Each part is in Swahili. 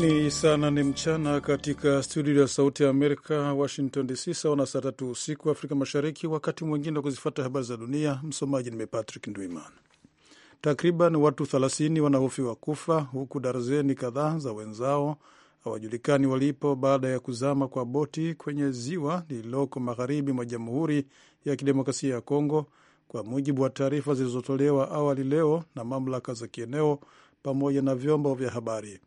Ni saa nane mchana katika studio ya Sauti ya Amerika, Washington DC, sawa na saa tatu usiku Afrika Mashariki. Wakati mwingine wa kuzifata habari za dunia, msomaji nime Patrick Ndwiman. Takriban watu 30 wanahofiwa kufa huku darzeni kadhaa za wenzao hawajulikani walipo baada ya kuzama kwa boti kwenye ziwa lililoko magharibi mwa Jamhuri ya Kidemokrasia ya Kongo, kwa mujibu wa taarifa zilizotolewa awali leo na mamlaka za kieneo pamoja na vyombo vya habari.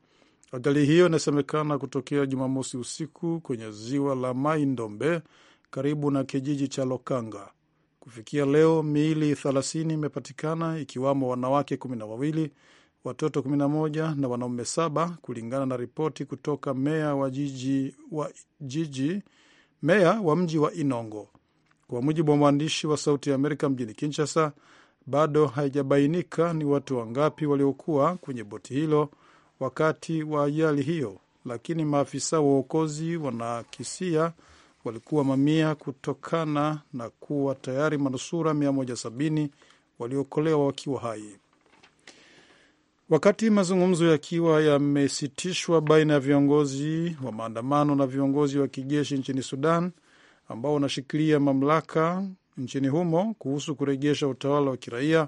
Ajali hiyo inasemekana kutokea Jumamosi usiku kwenye ziwa la Mai-Ndombe karibu na kijiji cha Lokanga. Kufikia leo miili 30 imepatikana ikiwamo wanawake 12, watoto 11 na wanaume saba, kulingana na ripoti kutoka meya wa jiji wa jiji meya wa mji wa Inongo. Kwa mujibu wa mwandishi wa Sauti ya Amerika mjini Kinshasa, bado haijabainika ni watu wangapi waliokuwa kwenye boti hilo wakati wa ajali hiyo, lakini maafisa wa uokozi wanakisia walikuwa mamia kutokana na kuwa tayari manusura 170 waliokolewa wakiwa hai. Wakati mazungumzo yakiwa yamesitishwa baina ya viongozi wa maandamano na viongozi wa kijeshi nchini Sudan ambao wanashikilia mamlaka nchini humo kuhusu kurejesha utawala wa kiraia,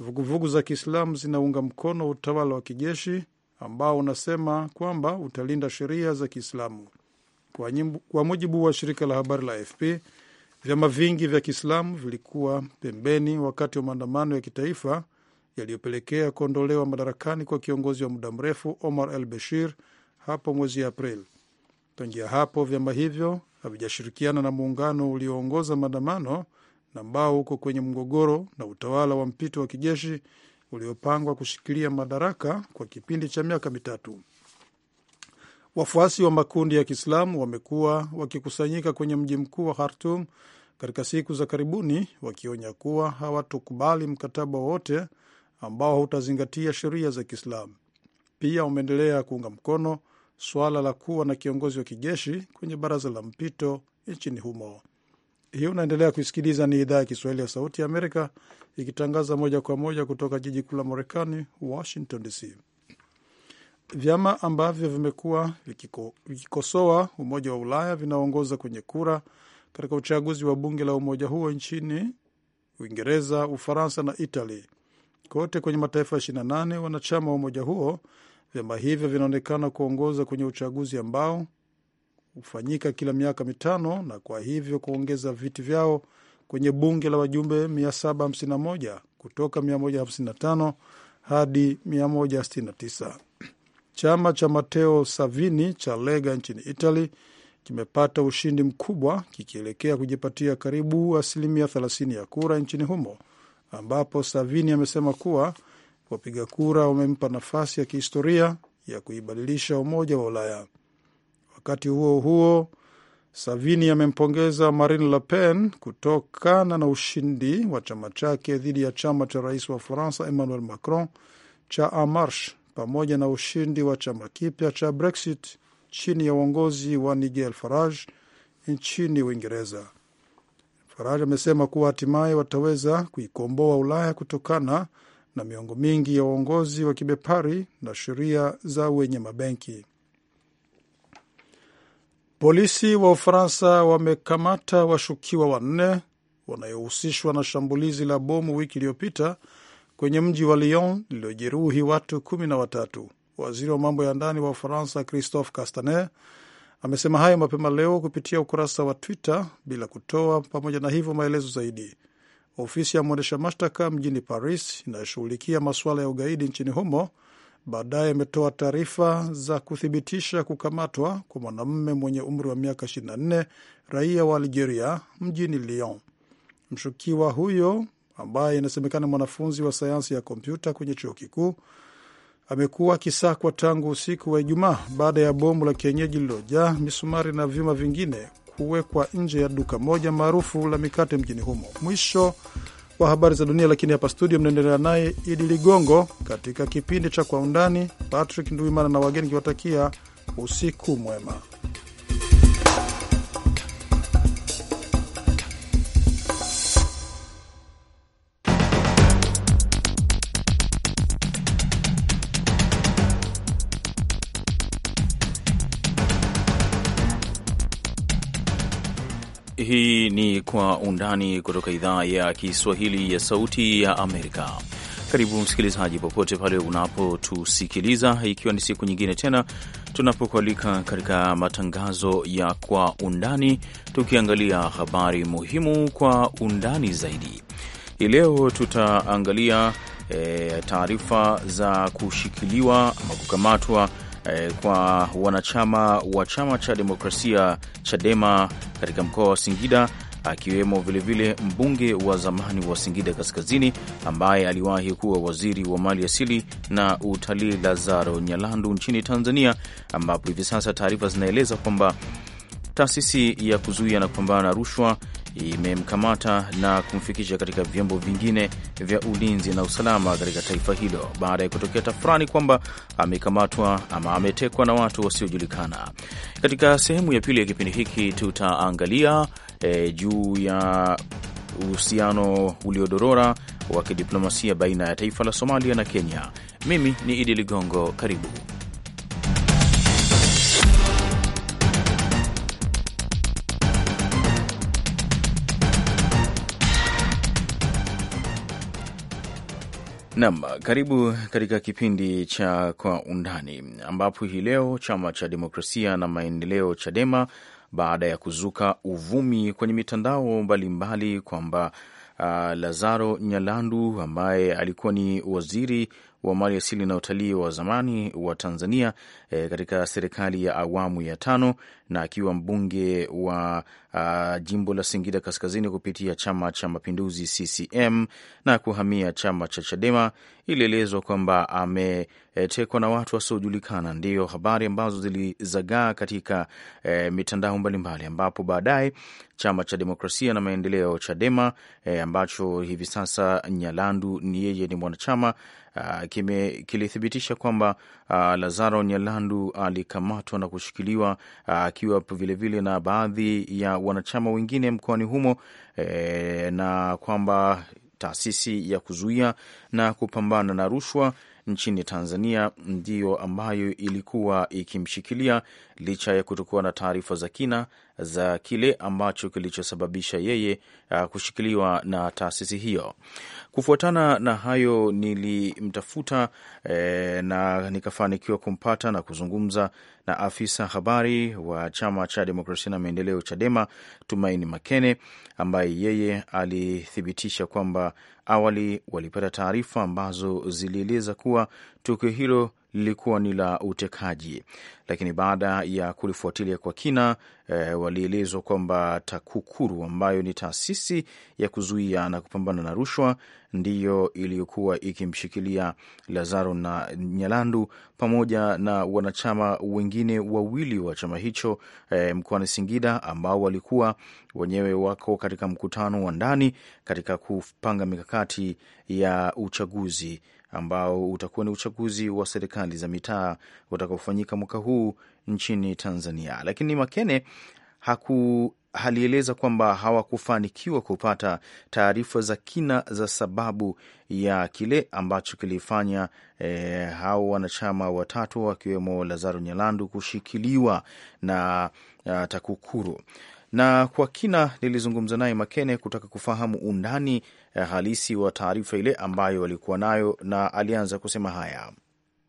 vuguvugu za Kiislamu zinaunga mkono utawala wa kijeshi ambao unasema kwamba utalinda sheria za Kiislamu. Kwa, kwa mujibu wa shirika la habari la AFP, vyama vingi vya Kiislamu vilikuwa pembeni wakati wa maandamano ya kitaifa yaliyopelekea kuondolewa madarakani kwa kiongozi wa muda mrefu Omar al Bashir hapo mwezi Aprili. Tangia hapo vyama hivyo havijashirikiana na muungano ulioongoza maandamano na ambao uko kwenye mgogoro na utawala wa mpito wa kijeshi uliopangwa kushikilia madaraka kwa kipindi cha miaka mitatu. Wafuasi wa makundi ya Kiislamu wamekuwa wakikusanyika kwenye mji mkuu wa Khartum katika siku za karibuni, wakionya kuwa hawatokubali mkataba wowote ambao hautazingatia sheria za Kiislamu. Pia wameendelea kuunga mkono suala la kuwa na kiongozi wa kijeshi kwenye baraza la mpito nchini humo. Hii unaendelea kuisikiliza ni idhaa ya Kiswahili ya Sauti ya Amerika ikitangaza moja kwa moja kutoka jiji kuu la Marekani, Washington DC. Vyama ambavyo vimekuwa vikikosoa Umoja wa Ulaya vinaongoza kwenye kura katika uchaguzi wa bunge la umoja huo nchini Uingereza, Ufaransa na Italy. Kote kwenye mataifa 28 wanachama wa umoja huo, vyama hivyo vinaonekana kuongoza kwenye uchaguzi ambao hufanyika kila miaka mitano na kwa hivyo kuongeza viti vyao kwenye bunge la wajumbe 751 kutoka 155 hadi 169. Chama cha Mateo Salvini cha Lega nchini Italy kimepata ushindi mkubwa kikielekea kujipatia karibu asilimia 30 ya kura nchini humo, ambapo Salvini amesema kuwa wapiga kura wamempa nafasi ya kihistoria ya kuibadilisha Umoja wa Ulaya. Wakati huo huo, Savini amempongeza Marine Le Pen kutokana na ushindi wa chama chake dhidi ya chama cha rais wa Faransa Emmanuel Macron cha En Marche pamoja na ushindi wa chama kipya cha Brexit chini ya uongozi wa Nigel Farage nchini Uingereza. Farage amesema kuwa hatimaye wataweza kuikomboa Ulaya kutokana na miongo mingi ya uongozi wa kibepari na sheria za wenye mabenki. Polisi wa Ufaransa wamekamata washukiwa wanne wanayohusishwa na shambulizi la bomu wiki iliyopita kwenye mji wa Lyon lililojeruhi watu kumi na watatu. Waziri wa mambo ya ndani wa Ufaransa Christophe Castaner amesema hayo mapema leo kupitia ukurasa wa Twitter bila kutoa pamoja na hivyo maelezo zaidi. Ofisi ya mwendesha mashtaka mjini Paris inayoshughulikia masuala ya ugaidi nchini humo baadaye ametoa taarifa za kuthibitisha kukamatwa kwa mwanamume mwenye umri wa miaka 24 raia wa Algeria mjini Lyon. Mshukiwa huyo ambaye inasemekana mwanafunzi wa sayansi ya kompyuta kwenye chuo kikuu amekuwa akisakwa tangu usiku wa Ijumaa baada ya bomu la kienyeji lililojaa misumari na vyuma vingine kuwekwa nje ya duka moja maarufu la mikate mjini humo. Mwisho wa habari za dunia, lakini hapa studio mnaendelea naye Idi Ligongo katika kipindi cha Kwa Undani. Patrick Nduimana na wageni kiwatakia usiku mwema. Kwa Undani kutoka idhaa ya Kiswahili ya Sauti ya Amerika. Karibu msikilizaji, popote pale unapotusikiliza, ikiwa ni siku nyingine tena tunapokualika katika matangazo ya Kwa Undani, tukiangalia habari muhimu kwa undani zaidi. Hii leo tutaangalia e, taarifa za kushikiliwa ama kukamatwa e, kwa wanachama wa chama cha demokrasia Chadema katika mkoa wa Singida akiwemo vilevile mbunge wa zamani wa Singida Kaskazini ambaye aliwahi kuwa waziri wa mali asili na utalii Lazaro Nyalandu nchini Tanzania, ambapo hivi sasa taarifa zinaeleza kwamba taasisi ya kuzuia na kupambana na rushwa imemkamata na kumfikisha katika vyombo vingine vya ulinzi na usalama katika taifa hilo baada ya kutokea tafurani kwamba amekamatwa ama ametekwa na watu wasiojulikana. Katika sehemu ya pili ya kipindi hiki tutaangalia e, juu ya uhusiano uliodorora wa kidiplomasia baina ya taifa la Somalia na Kenya. Mimi ni Idi Ligongo, karibu. Nam, karibu katika kipindi cha Kwa Undani, ambapo hii leo chama cha demokrasia na maendeleo CHADEMA baada ya kuzuka uvumi kwenye mitandao mbalimbali kwamba uh, Lazaro Nyalandu ambaye alikuwa ni waziri wa mali asili na utalii wa zamani wa Tanzania e, katika serikali ya awamu ya tano na akiwa mbunge wa a, jimbo la Singida Kaskazini kupitia Chama cha Mapinduzi CCM na kuhamia chama cha Chadema. Ilielezwa kwamba ametekwa na watu wasiojulikana. Ndiyo habari ambazo zilizagaa katika e, mitandao mbalimbali, ambapo baadaye chama cha demokrasia na maendeleo Chadema e, ambacho hivi sasa Nyalandu ni yeye ni mwanachama uh, kilithibitisha kwamba uh, Lazaro Nyalandu alikamatwa na kushikiliwa ah, akiwa uh, vilevile na baadhi ya wanachama wengine mkoani humo eh, na kwamba taasisi ya kuzuia na kupambana na rushwa nchini Tanzania ndiyo ambayo ilikuwa ikimshikilia licha ya kutokuwa na taarifa za kina za kile ambacho kilichosababisha yeye uh, kushikiliwa na taasisi hiyo. Kufuatana na hayo, nilimtafuta e, na nikafanikiwa kumpata na kuzungumza na afisa habari wa chama cha demokrasia na maendeleo, CHADEMA, Tumaini Makene, ambaye yeye alithibitisha kwamba Awali walipata taarifa ambazo zilieleza kuwa tukio hilo lilikuwa ni la utekaji lakini baada ya kulifuatilia kwa kina e, walielezwa kwamba TAKUKURU ambayo ni taasisi ya kuzuia na kupambana na rushwa ndiyo iliyokuwa ikimshikilia Lazaro na Nyalandu pamoja na wanachama wengine wawili wa chama hicho e, mkoani Singida ambao walikuwa wenyewe wako katika mkutano wa ndani katika kupanga mikakati ya uchaguzi ambao utakuwa ni uchaguzi wa serikali za mitaa utakaofanyika mwaka huu mkuu nchini Tanzania. Lakini Makene haku halieleza kwamba hawakufanikiwa kupata taarifa za kina za sababu ya kile ambacho kilifanya e, hao wanachama watatu wakiwemo Lazaro Nyalandu kushikiliwa na a, eh, TAKUKURU na kwa kina nilizungumza naye Makene kutaka kufahamu undani eh, halisi wa taarifa ile ambayo walikuwa nayo, na alianza kusema haya.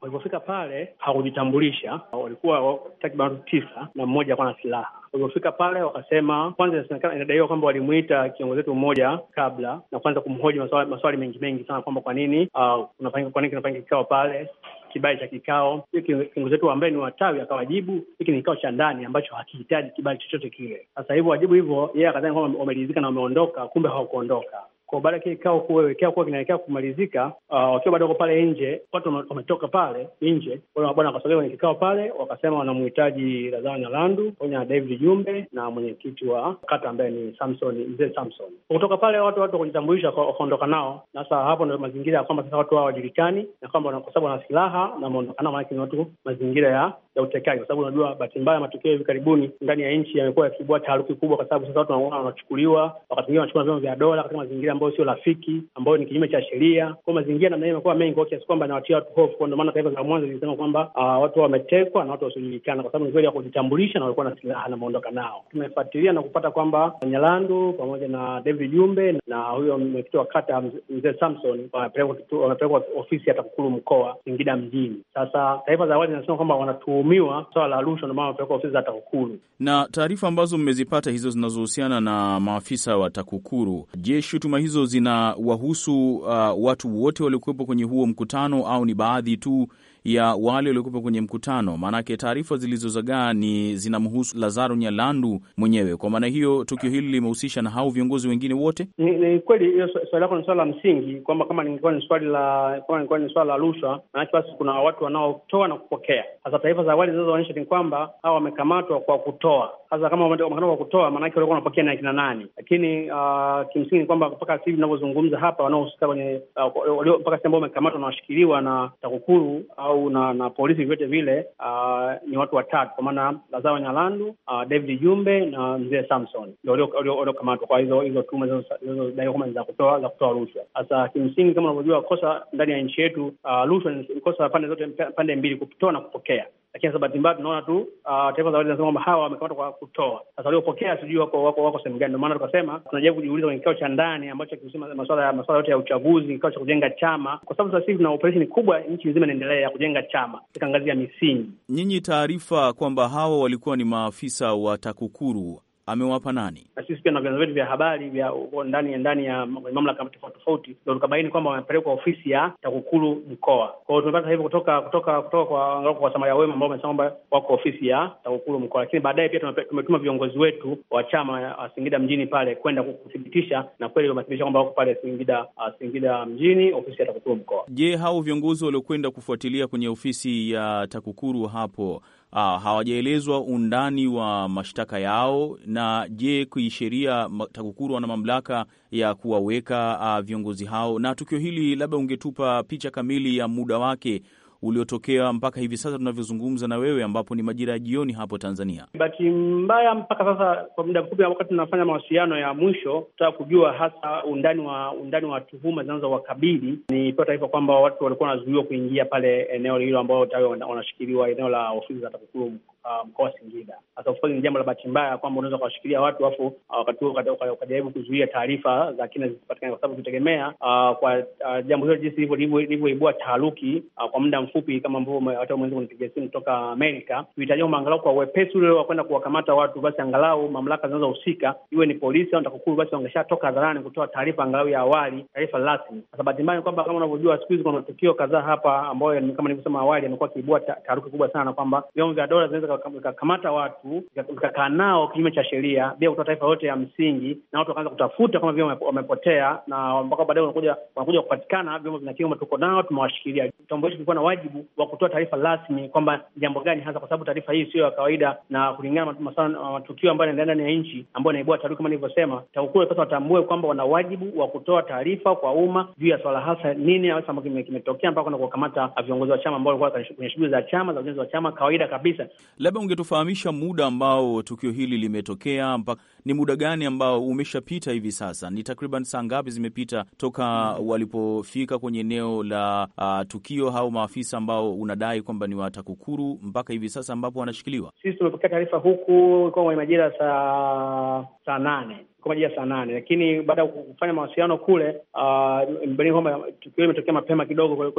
Walipofika pale hawakujitambulisha, walikuwa takriban watu tisa na mmoja akawa na silaha. Walipofika pale wakasema, kwanza inasemekana, inadaiwa kwamba walimwita kiongozi wetu mmoja kabla na kwanza kumhoji maswali, maswali mengi mengi sana kwamba kwa nini uh, kunafanyika kwa nini kinafanyika kikao pale kibali cha kikao. Kiongozi wetu ambaye ni watawi akawajibu, hiki ni kikao cha ndani ambacho hakihitaji kibali chochote kile. Sasa hivyo wajibu hivyo, yeye akadhani kwamba wameridhika na wameondoka, kumbe hawakuondoka kwa baada ya kile kikao kuelekea kuwa kinaelekea kumalizika, uh, wakiwa bado wako pale nje, watu wametoka pale nje, wale mabwana wakasogea kwenye kikao pale, wakasema wanamhitaji razana Nyalandu pamoja na David Jumbe na mwenyekiti wa kata ambaye ni Samson, mzee Samson. Kutoka pale watu watu wakujitambulisha, wakaondoka nao. Sasa hapo ndio mazingira ya kwamba sasa watu hao hawajulikani na kwamba kwa sababu wana silaha na wameondokana, maanake ni watu mazingira ya ya utekaji, kwa sababu unajua, bahati mbaya, matukio hivi karibuni ndani ya nchi yamekuwa yakiibua taharuki kubwa, kwa sababu sasa watu wanaona wanachukuliwa, wakati mwingine wanachukua vyombo vya dola katika mazingira ambayo sio rafiki, ambayo ni kinyume cha sheria. Kwa mazingira namna hiyo imekuwa mengi kwa kiasi kwamba inawatia watu hofu, kwa ndio maana taarifa za mwanzo zilisema kwamba uh, watu wametekwa na watu wasiojulikana, kwa sababu ni kweli ya kujitambulisha na walikuwa na silaha na maondoka nao. Tumefuatilia na kupata kwamba Nyalandu pamoja na David Jumbe na huyo mwenyekiti wa kata mzee Samson wamepelekwa ofisi ya TAKUKURU mkoa Singida mjini. Sasa taarifa za awali zinasema kwamba wanatu kulaumiwa swala la rushwa, ndio maana wamepeleka ofisi za TAKUKURU. Na taarifa ambazo mmezipata hizo zinazohusiana na maafisa wa TAKUKURU, je, shutuma hizo zinawahusu uh, watu wote waliokuwepo kwenye huo mkutano au ni baadhi tu ya wale waliokuwepo kwenye mkutano, maanake taarifa zilizozagaa ni zinamhusu Lazaro Nyalandu mwenyewe. Kwa maana hiyo, tukio hili limehusisha na hao viongozi wengine wote. Ni, ni kweli hiyo. Swali lako ni swala la msingi, kwamba kama ningekuwa ni swali la kama ningekuwa ni swala la rushwa, maanake basi kuna watu wanaotoa na kupokea. Sasa taarifa za awali zinazoonyesha ni kwamba hawa wamekamatwa kwa kutoa hasa kama wamekana wa kutoa, maanake walikuwa wanapokea na akina nani. Lakini uh, kimsingi ni kwamba mpaka sasa hivi tunavyozungumza hapa, wanaohusika kwenye uh, mpaka sasa ambao wamekamatwa na washikiliwa na TAKUKURU au na, na polisi vyote vile uh, ni watu watatu, kwa maana Lazawa Nyalandu, uh, David Jumbe na mzee Samson ndio waliokamatwa kwa hizo hizo tuma zinazodaiwa kwamba za kutoa za kutoa rushwa. Sasa kimsingi, kama unavyojua, kosa ndani ya nchi yetu uh, rushwa ni kosa pande zote, pande mbili, kutoa na kupokea lakini sasa bahati mbaya tunaona tu uh, ah, taarifa za awali zinasema kwamba hawa wamekamatwa kwa kutoa. Sasa waliopokea sijui wako wako wako sehemu gani? Ndio maana tukasema tunajaribu kujiuliza kwenye kikao cha ndani ambacho kiusema masuala ya masuala yote ya uchaguzi, kikao cha kujenga chama, kwa sababu sasa hivi tuna operesheni kubwa nchi nzima inaendelea ya kujenga chama katika ngazi ya misingi. Nyinyi taarifa kwamba hawa walikuwa ni maafisa wa TAKUKURU amewapa nani? Na sisi pia na vyanzo vyetu vya habari vya ndani ndani ya mamlaka tofauti tofauti, ndo tukabaini kwamba wamepelekwa ofisi ya TAKUKURU mkoa. Kwa hiyo tumepata hivyo kutoka kutoka kutoka kwa Samaria wema ambao wamesema kwamba wako ofisi ya TAKUKURU mkoa, lakini baadaye pia tumetuma viongozi wetu wa chama wa Singida mjini pale kwenda kuthibitisha, na kweli wamethibitisha kwamba wako pale Singida, Singida mjini, ofisi ya TAKUKURU mkoa. Je, hao viongozi waliokwenda kufuatilia kwenye ofisi ya TAKUKURU hapo Ah, hawajaelezwa undani wa mashtaka yao. Na je, kisheria TAKUKURU wana mamlaka ya kuwaweka ah, viongozi hao? Na tukio hili labda ungetupa picha kamili ya muda wake uliotokea mpaka hivi sasa tunavyozungumza na wewe, ambapo ni majira ya jioni hapo Tanzania? Bahati mbaya, mpaka sasa kwa muda mfupi, wakati tunafanya mawasiliano ya mwisho, tutaka kujua hasa undani wa undani wa tuhuma zinazowakabili. Nilipewa taarifa kwamba watu walikuwa wanazuiwa kuingia pale eneo hilo ambao tayari wanashikiliwa, eneo la ofisi za TAKUKURU uh, mkoa wa Singida. Sasa ufuaji ni jambo la bahati mbaya kwamba unaweza ukawashikilia watu afu uh, wakati huo ukajaribu kuzuia taarifa za kina zisipatikane, kwa sababu tutegemea uh, kwa jambo hilo jinsi lilivyoibua taharuki kwa muda mfupi kama ambavyo watao mwenzi kunipigia simu kutoka Amerika, tuitalioma angalau kwa wepesi ule wa kwenda kuwakamata watu, basi angalau mamlaka zinazohusika iwe ni polisi au TAKUKURU, basi wangeshatoka hadharani kutoa taarifa angalau ya awali, taarifa rasmi. Sasa bahati mbaya ni kwamba kama unavyojua, siku hizi kuna matukio kadhaa hapa ambayo kama nilivyosema awali yamekuwa akiibua taharuki kubwa sana, kwamba vyombo vya dola zinaweza vikakamata watu vikakaa nao kinyume cha sheria bila kutoa taarifa yote ya msingi, na watu wakaanza kutafuta kama vile wamepotea, na mpaka baadaye wanakuja wanakuja kupatikana, vyombo vinasema tuko nao, tumewashikilia. Kitambo hicho kilikuwa na wajibu wa kutoa taarifa rasmi kwamba jambo gani hasa, kwa sababu taarifa hii sio ya kawaida, na kulingana na uh, matukio ambayo yanaendelea ndani ya nchi ambayo inaibua taarifa kama nilivyosema, TAKUKURU sasa watambue kwamba wana wajibu wa kutoa taarifa kwa umma juu ya swala hasa nini hasa ambayo kimetokea, mpaka kwenda kuwakamata viongozi wa chama ambao walikuwa kwenye shughuli za chama za ujenzi wa chama kawaida kabisa. Labda ungetufahamisha muda ambao tukio hili limetokea mpaka ni muda gani ambao umeshapita hivi sasa? Ni takriban saa ngapi zimepita toka walipofika kwenye eneo la uh, tukio au maafisa ambao unadai kwamba ni wa TAKUKURU mpaka hivi sasa ambapo wanashikiliwa? Sisi tumepokea taarifa huku ilikuwa kwenye majira saa saa nane kwa majira saa nane, lakini baada ya kufanya mawasiliano kule uh, tukio imetokea mapema kidogo,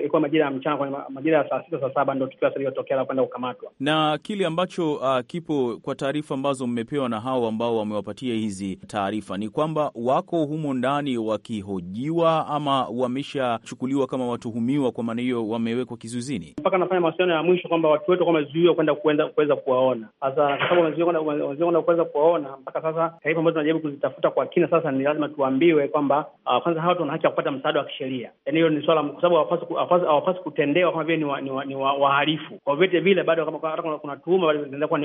ilikuwa majira ya mchana, kwenye majira ya saa sita saa saba ndo tukio lililotokea la kwenda kukamatwa. Na kile ambacho uh, kipo kwa taarifa ambazo mmepewa na hao ambao wamewapatia hizi taarifa ni kwamba wako humo ndani wakihojiwa ama wameshachukuliwa kama watuhumiwa, kwa maana hiyo wamewekwa kizuizini mpaka nafanya mawasiliano ya mwisho kwamba watu wetu wamezuiwa kwenda kuweza kuwaona. Sasa kwa sababu wamezuiwa kwenda kuweza kuwaona, mpaka sasa taarifa ambazo tunajaribu kuzitafuta kwa kina. Sasa ni lazima tuambiwe kwamba uh, kwanza hawa tuna haki ya kupata msaada wa kisheria, yaani hiyo ni swala, kwa sababu hawapasi kutendewa kama vile ni, wa, ni, wa, ni wa, wahalifu kwa vyote vile, bado kama hata kuna, kuna tuhuma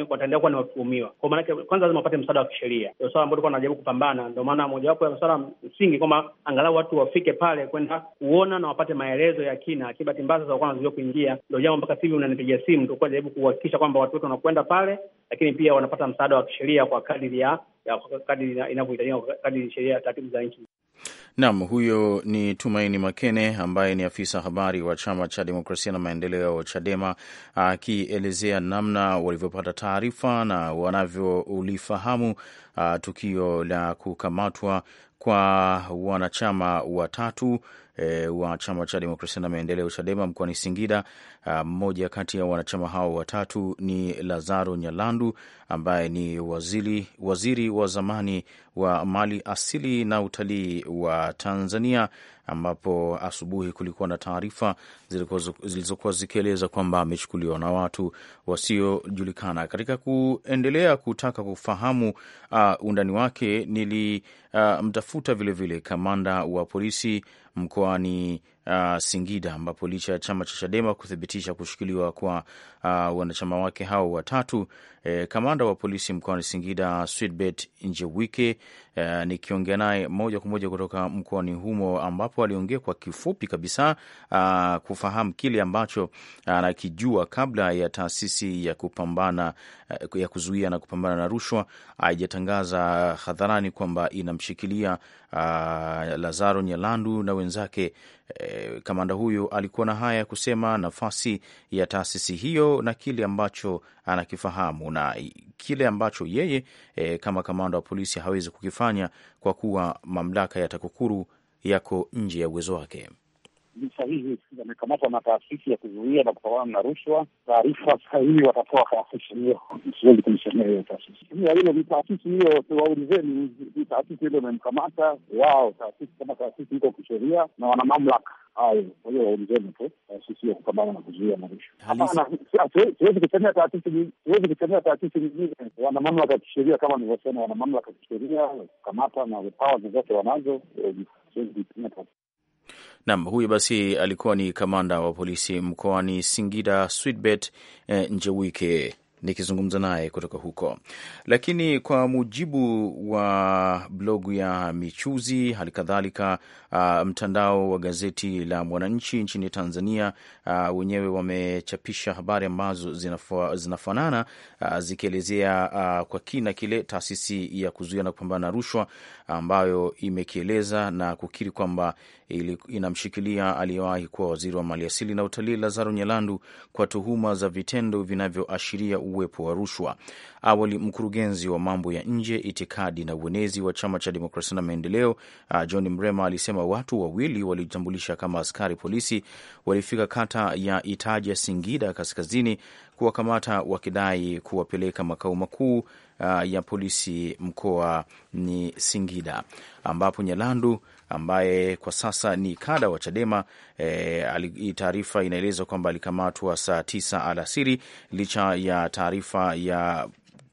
wataendelea kuwa ni watuhumiwa. Kwa maanake kwanza lazima wapate msaada wa kisheria, ndio swala ambalo tulikuwa tunajaribu kupambana. Ndio maana mojawapo ya swala msingi kwamba angalau watu wafike pale kwenda kuona na wapate maelezo ya kina, lakini bahati mbaya sasa walikuwa wanazuia kuingia. Ndio jambo mpaka sivi unanipigia simu, tulikuwa tunajaribu kuhakikisha kwamba watu wote wanakwenda pale, lakini pia wanapata msaada wa kisheria kwa kadiri ya ya kadiri inavyohitajika kadiri sheria ya taratibu za nchi. Naam, huyo ni Tumaini Makene ambaye ni afisa habari wa chama cha demokrasia na maendeleo Chadema, akielezea namna walivyopata taarifa na wanavyolifahamu ah, tukio la kukamatwa kwa wanachama watatu e, wa chama cha demokrasia na maendeleo Chadema mkoani Singida. Ah, mmoja kati ya wanachama hao watatu ni Lazaro Nyalandu ambaye ni waziri, waziri wa zamani wa mali asili na utalii wa Tanzania, ambapo asubuhi kulikuwa na taarifa zilizokuwa zikieleza kwamba amechukuliwa na watu wasiojulikana. Katika kuendelea kutaka kufahamu uh, undani wake nilimtafuta uh, vilevile kamanda wa polisi mkoani uh, Singida ambapo licha ya chama cha Chadema kuthibitisha kushikiliwa kwa uh, wanachama wake hao watatu, eh, kamanda wa polisi mkoani Singida swbet Njewike uh, nikiongea naye moja kwa moja kutoka mkoani humo, ambapo aliongea kwa kifupi kabisa uh, kufahamu kile ambacho anakijua uh, kabla ya taasisi ya kupambana uh, ya kuzuia na kupambana na rushwa haijatangaza uh, hadharani kwamba inamshikilia uh, Lazaro Nyalandu na wenzake. E, kamanda huyu alikuwa na haya ya kusema, nafasi ya taasisi hiyo na kile ambacho anakifahamu na kile ambacho yeye e, kama kamanda wa polisi hawezi kukifanya kufanya kwa kuwa mamlaka ya TAKUKURU yako nje ya uwezo wake sahihi yamekamatwa na taasisi ya kuzuia na kupambana na rushwa. Taarifa sahihi watatoa taasisi hiyo, siwezi kumsemea hiyo taasisi hiyo, hilo ni taasisi hiyo. Waulizeni ni taasisi hilo imemkamata wao, taasisi kama taasisi iko kisheria na wana mamlaka hayo. Kwa hiyo waulizeni tu taasisi hiyo kupambana na kuzuia na rushwa. Hapana, siwezi kusemea taasisi, siwezi kusemea taasisi nyingine. Wana mamlaka ya kisheria kama nilivyosema, wana mamlaka ya kisheria kukamata na pawa zozote wanazo. Nam huyo basi alikuwa ni kamanda wa polisi mkoani Singida Switbert eh, Njewike nikizungumza naye kutoka huko. Lakini kwa mujibu wa blogu ya Michuzi, hali kadhalika uh, mtandao wa gazeti la Mwananchi nchini Tanzania uh, wenyewe wamechapisha habari ambazo zinafanana uh, zikielezea uh, kwa kina kile taasisi ya kuzuia na kupambana na rushwa ambayo imekieleza na kukiri kwamba inamshikilia aliyewahi kuwa waziri wa maliasili na utalii Lazaro Nyalandu kwa tuhuma za vitendo vinavyoashiria uwepo wa rushwa. Awali mkurugenzi wa mambo ya nje, itikadi na uenezi wa chama cha demokrasia na maendeleo uh, John Mrema alisema watu wawili waliojitambulisha kama askari polisi walifika kata ya Itaja, Singida kaskazini kuwakamata wakidai kuwapeleka makao makuu uh, ya polisi mkoa ni Singida, ambapo Nyalandu ambaye kwa sasa ni kada wa Chadema e, taarifa inaeleza kwamba alikamatwa saa tisa alasiri licha ya taarifa ya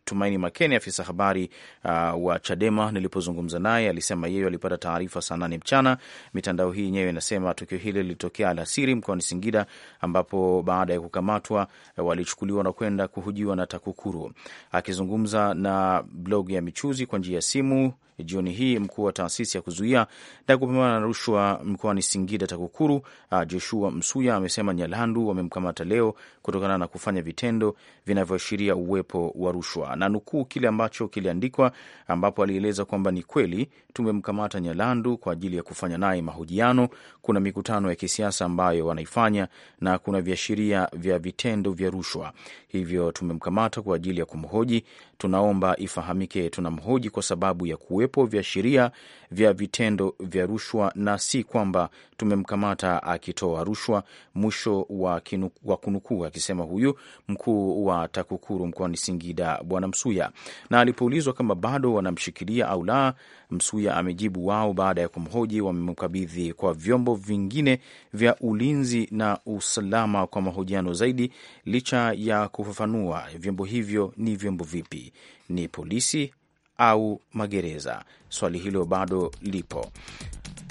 Tumaini Makeni, afisa habari uh, wa Chadema, nilipozungumza naye alisema yeye alipata taarifa saa nane mchana. Mitandao hii yenyewe inasema tukio hili lilitokea alasiri mkoani Singida, ambapo baada ya kukamatwa uh, walichukuliwa na kwenda kuhujiwa na TAKUKURU. Akizungumza na blog ya Michuzi kwa njia ya simu, jioni hii mkuu wa taasisi ya kuzuia na kupambana na rushwa mkoani Singida, TAKUKURU, ah, Joshua Msuya amesema Nyalandu wamemkamata leo kutokana na kufanya vitendo vinavyoashiria uwepo wa rushwa, na nukuu kile ambacho kiliandikwa, ambapo alieleza kwamba ni kweli tumemkamata Nyalandu kwa ajili ya kufanya naye mahojiano. Kuna mikutano ya kisiasa ambayo wanaifanya na kuna viashiria vya vitendo vya rushwa, hivyo tumemkamata kwa ajili ya kumhoji tunaomba ifahamike, tunamhoji kwa sababu ya kuwepo viashiria vya vitendo vya rushwa na si kwamba tumemkamata akitoa rushwa, mwisho wa, wa kunukuu, akisema huyu mkuu wa TAKUKURU mkoani Singida Bwana Msuya. Na alipoulizwa kama bado wanamshikilia au la, Msuya amejibu wao baada ya kumhoji, wamemkabidhi kwa vyombo vingine vya ulinzi na usalama kwa mahojiano zaidi, licha ya kufafanua vyombo hivyo ni vyombo vipi, ni polisi au magereza. Swali hilo bado lipo.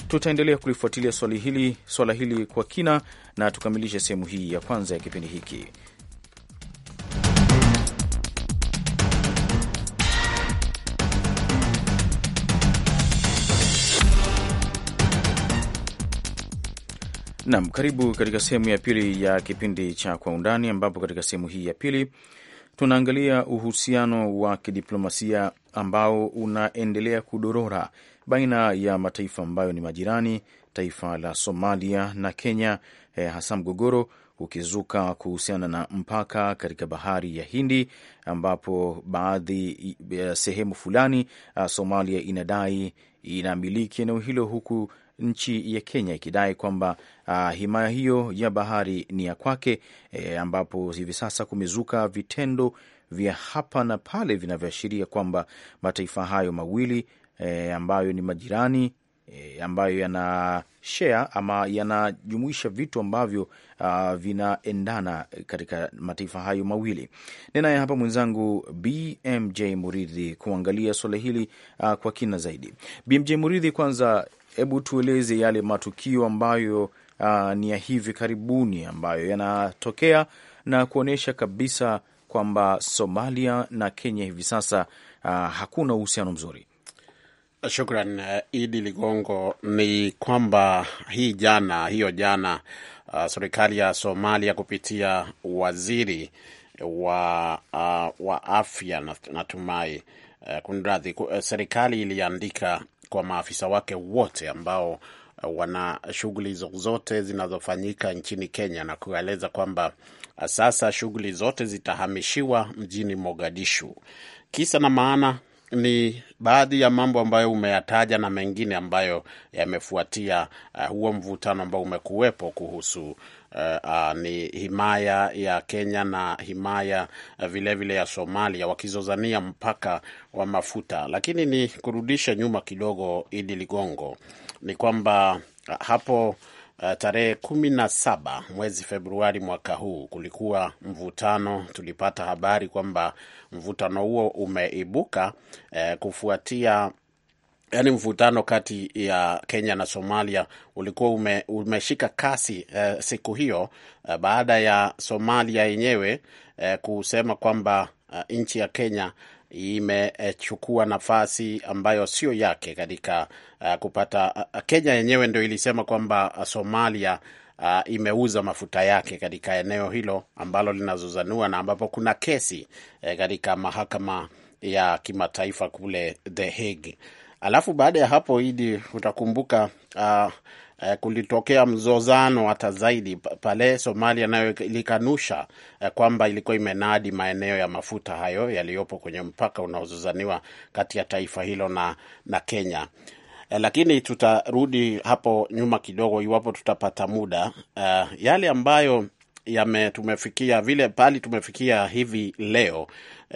Tutaendelea kulifuatilia swali hili, swala hili kwa kina, na tukamilishe sehemu hii ya kwanza ya kipindi hiki. Nam, karibu katika sehemu ya pili ya kipindi cha Kwa Undani, ambapo katika sehemu hii ya pili tunaangalia uhusiano wa kidiplomasia ambao unaendelea kudorora baina ya mataifa ambayo ni majirani, taifa la Somalia na Kenya, eh, hasa mgogoro ukizuka kuhusiana na mpaka katika bahari ya Hindi ambapo baadhi ya sehemu fulani ah, Somalia inadai inamiliki eneo hilo huku nchi ya Kenya ikidai kwamba uh, himaya hiyo ya bahari ni ya kwake, e, ambapo hivi sasa kumezuka vitendo vya hapa na pale vinavyoashiria kwamba mataifa hayo mawili e, ambayo ni majirani e, ambayo yana share ama yanajumuisha vitu ambavyo uh, vinaendana katika mataifa hayo mawili. Ninaye hapa mwenzangu BMJ Muridhi kuangalia suala hili uh, kwa kina zaidi. BMJ Muridhi, kwanza hebu tueleze yale matukio ambayo uh, ni ya hivi karibuni ambayo yanatokea na kuonyesha kabisa kwamba Somalia na Kenya hivi sasa uh, hakuna uhusiano mzuri. Shukran eh, Idi Ligongo. Ni kwamba hii jana hiyo jana, uh, serikali ya Somalia kupitia waziri wa, uh, wa afya natumai, uh, kunradhi, uh, serikali iliandika kwa maafisa wake wote ambao wana shughuli zozote zinazofanyika nchini Kenya na kueleza kwamba ah, sasa shughuli zote zitahamishiwa mjini Mogadishu. Kisa na maana ni baadhi ya mambo ambayo umeyataja na mengine ambayo yamefuatia uh, huo mvutano ambao umekuwepo kuhusu uh, uh, ni himaya ya Kenya na himaya vilevile eh, uh, vile ya Somalia wakizozania mpaka wa mafuta. Lakini ni kurudisha nyuma kidogo, Idi Ligongo, ni kwamba uh, hapo Uh, tarehe kumi na saba mwezi Februari mwaka huu kulikuwa mvutano. Tulipata habari kwamba mvutano huo umeibuka eh, kufuatia yaani mvutano kati ya Kenya na Somalia ulikuwa ume, umeshika kasi eh, siku hiyo eh, baada ya Somalia yenyewe eh, kusema kwamba eh, nchi ya Kenya imechukua nafasi ambayo sio yake katika uh, kupata uh, Kenya yenyewe ndio ilisema kwamba uh, Somalia Uh, imeuza mafuta yake katika eneo hilo ambalo linazozanua na ambapo kuna kesi uh, katika mahakama ya kimataifa kule The Hague. Alafu baada ya hapo Idi, utakumbuka uh, Eh, kulitokea mzozano hata zaidi pale Somalia nayo ilikanusha eh, kwamba ilikuwa imenadi maeneo ya mafuta hayo yaliyopo kwenye mpaka unaozozaniwa kati ya taifa hilo na, na Kenya. Eh, lakini tutarudi hapo nyuma kidogo iwapo tutapata muda. yale ambayo yame tumefikia vile pali tumefikia hivi leo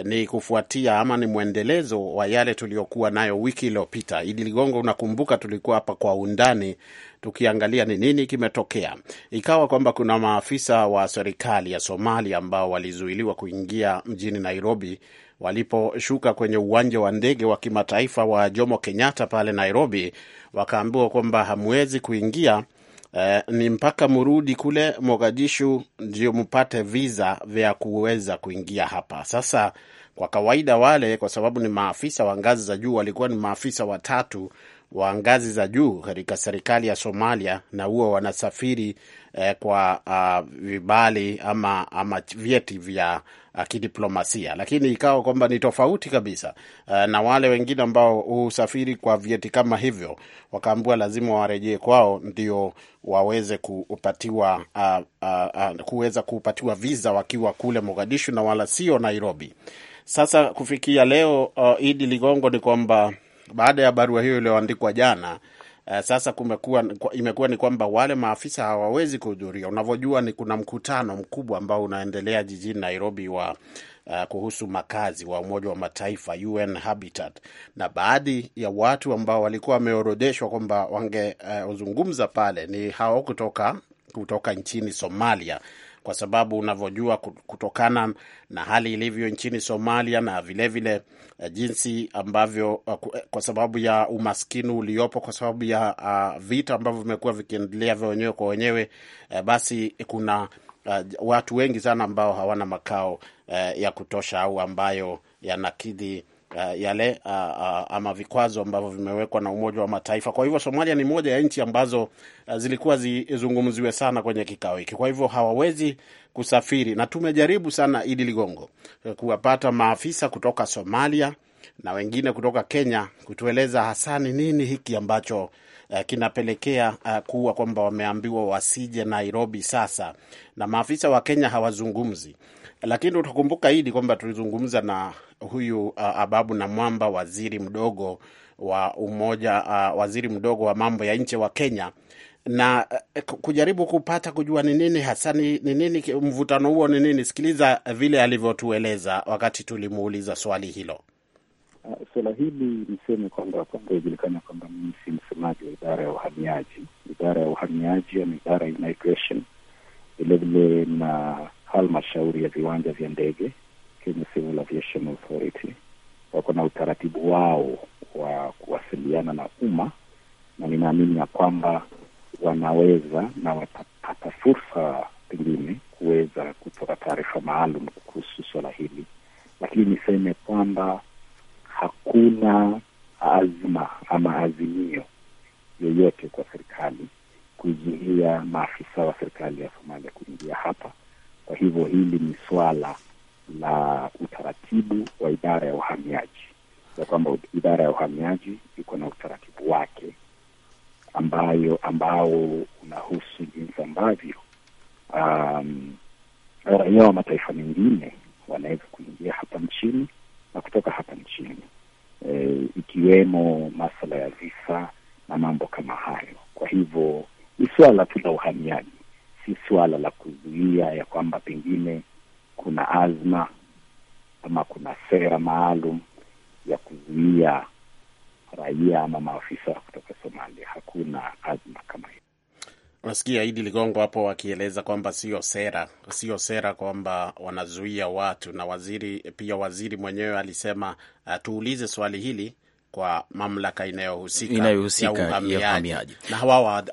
ni kufuatia ama ni mwendelezo wa yale tuliyokuwa nayo wiki iliyopita. Idi Ligongo, unakumbuka tulikuwa hapa kwa undani tukiangalia ni nini kimetokea. Ikawa kwamba kuna maafisa wa serikali ya Somalia ambao walizuiliwa kuingia mjini Nairobi waliposhuka kwenye uwanja wa ndege wa kimataifa wa Jomo Kenyatta pale Nairobi, wakaambiwa kwamba hamwezi kuingia Uh, ni mpaka mrudi kule Mogadishu ndio mpate visa vya kuweza kuingia hapa. Sasa kwa kawaida wale, kwa sababu ni maafisa wa ngazi za juu, walikuwa ni maafisa watatu wa ngazi za juu katika serikali ya Somalia na huwa wanasafiri eh, kwa uh, vibali ama, ama vyeti vya uh, kidiplomasia, lakini ikawa kwamba ni tofauti kabisa uh, na wale wengine ambao husafiri kwa vyeti kama hivyo, wakaambua lazima warejee kwao ndio waweze kupatiwa uh, uh, uh, kuweza kupatiwa viza wakiwa kule Mogadishu na wala sio Nairobi. Sasa kufikia leo uh, Idi Ligongo, ni kwamba baada ya barua hiyo iliyoandikwa jana Uh, sasa kumekuwa, imekuwa ni kwamba wale maafisa hawawezi kuhudhuria. Unavyojua ni kuna mkutano mkubwa ambao unaendelea jijini Nairobi wa uh, kuhusu makazi wa Umoja wa Mataifa UN Habitat, na baadhi ya watu ambao walikuwa wameorodheshwa kwamba wangezungumza eh, uh, pale ni hao kutoka kutoka nchini Somalia kwa sababu unavyojua, kutokana na hali ilivyo nchini Somalia na vilevile vile eh, jinsi ambavyo, eh, eh, kwa sababu ya umaskini uliopo, kwa sababu ya ah, vita ambavyo vimekuwa vikiendelea vya wenyewe kwa wenyewe, basi kuna watu wengi sana ambao hawana makao ya kutosha au ambayo yanakidhi uh, yale uh, uh, ama vikwazo ambavyo vimewekwa na Umoja wa Mataifa. Kwa hivyo Somalia ni moja ya nchi ambazo uh, zilikuwa zizungumziwe sana kwenye kikao hiki, kwa hivyo hawawezi kusafiri, na tumejaribu sana Idi Ligongo kuwapata maafisa kutoka Somalia na wengine kutoka Kenya kutueleza hasani nini hiki ambacho uh, kinapelekea uh, kuwa kwamba wameambiwa wasije Nairobi sasa, na maafisa wa Kenya hawazungumzi. Lakini utakumbuka Idi kwamba tulizungumza na huyu uh, Ababu na Mwamba, waziri mdogo wa umoja uh, waziri mdogo wa mambo ya nje wa Kenya na uh, kujaribu kupata kujua ni nini hasa ni nini mvutano huo ni nini. Sikiliza vile alivyotueleza wakati tulimuuliza swali hilo. Uh, swala suala hili niseme kwamba kwanza ijulikana kwamba mimi si msemaji wa idara ya uhamiaji. Idara ya uhamiaji ama idara ya immigration vilevile na halmashauri ya viwanja vya ndege Kenya Civil Aviation Authority wako na utaratibu wao wa kuwasiliana na umma, na ninaamini ya kwamba wanaweza na watapata fursa pengine kuweza kutoa taarifa maalum kuhusu suala hili, lakini niseme kwamba hakuna azma ama azimio yoyote kwa serikali kuzuia maafisa wa serikali ya Somalia kuingia hapa. Kwa hivyo hili ni swala la utaratibu wa idara ya uhamiaji, ya kwamba idara ya uhamiaji iko na utaratibu wake ambayo ambao unahusu jinsi ambavyo um, raia wa mataifa mengine wanaweza kuingia hapa nchini na kutoka hapa nchini e, ikiwemo masala ya visa na mambo kama hayo. Kwa hivyo ni suala tu la uhamiaji, si suala la kuzuia ya kwamba pengine kuna azma ama kuna sera maalum ya kuzuia raia ama maafisa kutoka Somalia. Hakuna azma kama hiyo. Unasikia Idi Ligongo hapo wakieleza kwamba sio sera, sio sera kwamba wanazuia watu, na waziri pia, waziri mwenyewe alisema uh, tuulize swali hili kwa mamlaka inayohusika inayohusika ya uhamiaji, na wao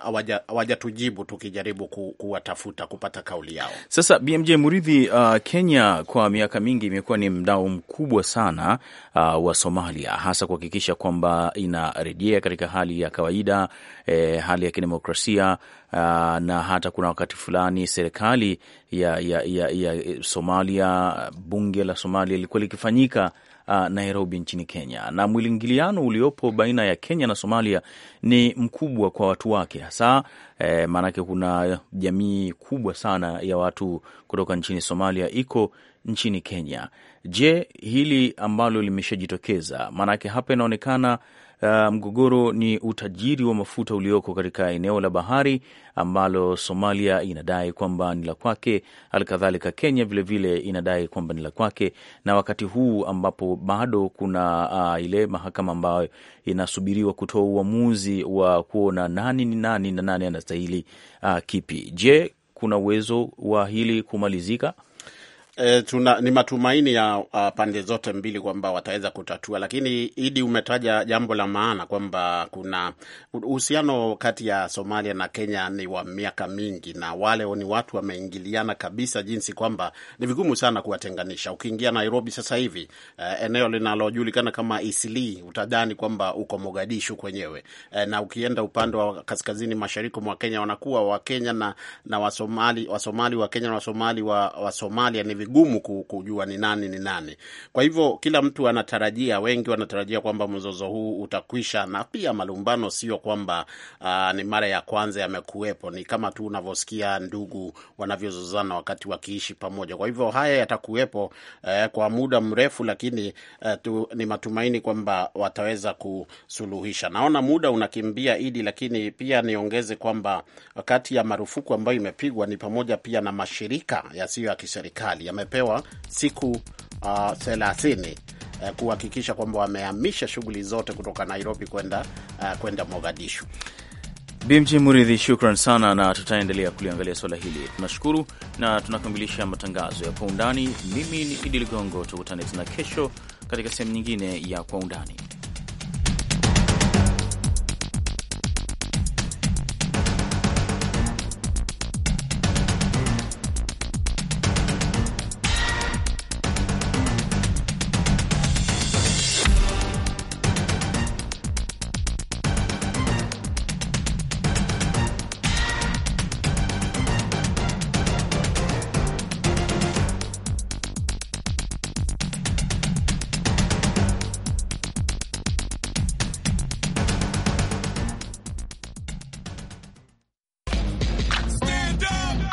hawajatujibu tukijaribu kuwatafuta kupata kauli yao. Sasa BMJ Muridhi, uh, Kenya kwa miaka mingi imekuwa ni mdao mkubwa sana uh, wa Somalia, hasa kuhakikisha kwamba inarejea katika hali ya kawaida, eh, hali ya kidemokrasia uh, na hata kuna wakati fulani serikali ya, ya, ya, ya Somalia, bunge la Somalia lilikuwa likifanyika uh, Nairobi nchini Kenya. Na mwingiliano uliopo baina ya Kenya na Somalia ni mkubwa kwa watu wake hasa eh, maanake kuna jamii kubwa sana ya watu kutoka nchini Somalia iko nchini Kenya. Je, hili ambalo limeshajitokeza, maanake hapa inaonekana uh, mgogoro ni utajiri wa mafuta ulioko katika eneo la bahari ambalo Somalia inadai kwamba ni la kwake, halikadhalika Kenya vilevile vile inadai kwamba ni la kwake, na wakati huu ambapo bado kuna uh, ile mahakama ambayo inasubiriwa kutoa uamuzi wa kuona nani ni nani na nani anastahili uh, kipi. Je, kuna uwezo wa hili kumalizika? E, tuna, ni matumaini ya uh, pande zote mbili kwamba wataweza kutatua, lakini Idi, umetaja jambo la maana kwamba kuna uhusiano kati ya Somalia na Kenya ni wa miaka mingi, na wale ni watu wameingiliana kabisa, jinsi kwamba ni vigumu sana kuwatenganisha. Ukiingia Nairobi sasa hivi, uh, eneo linalojulikana kama Isli, utadhani kwamba uko Mogadishu kwenyewe, uh, na ukienda upande wa kaskazini mashariki mwa Kenya wanakuwa Wakenya na, na Wasomali, Wasomali wa Kenya na Wasomali wa, wa Somalia ni vigumu kujua ni nani ni nani. Kwa hivyo kila mtu anatarajia, wengi wanatarajia kwamba mzozo huu utakwisha, na pia malumbano sio kwamba uh, ni mara ya kwanza yamekuwepo, ni kama tu unavyosikia ndugu wanavyozozana wakati wakiishi pamoja. Kwa hivyo haya yatakuwepo uh, kwa muda mrefu, lakini uh, tu, ni matumaini kwamba wataweza kusuluhisha. Naona muda unakimbia Idi, lakini pia niongeze kwamba kati ya marufuku ambayo imepigwa ni pamoja pia na mashirika yasiyo ya kiserikali yamepewa siku uh, 30 uh, eh, kuhakikisha kwamba wamehamisha shughuli zote kutoka Nairobi kwenda uh, kwenda Mogadishu. BMG Muridhi, shukran sana, na tutaendelea kuliangalia swala hili. Tunashukuru na tunakamilisha matangazo ya Kwa Undani. Mimi ni Idi Ligongo, tukutane tena kesho katika sehemu nyingine ya Kwa Undani.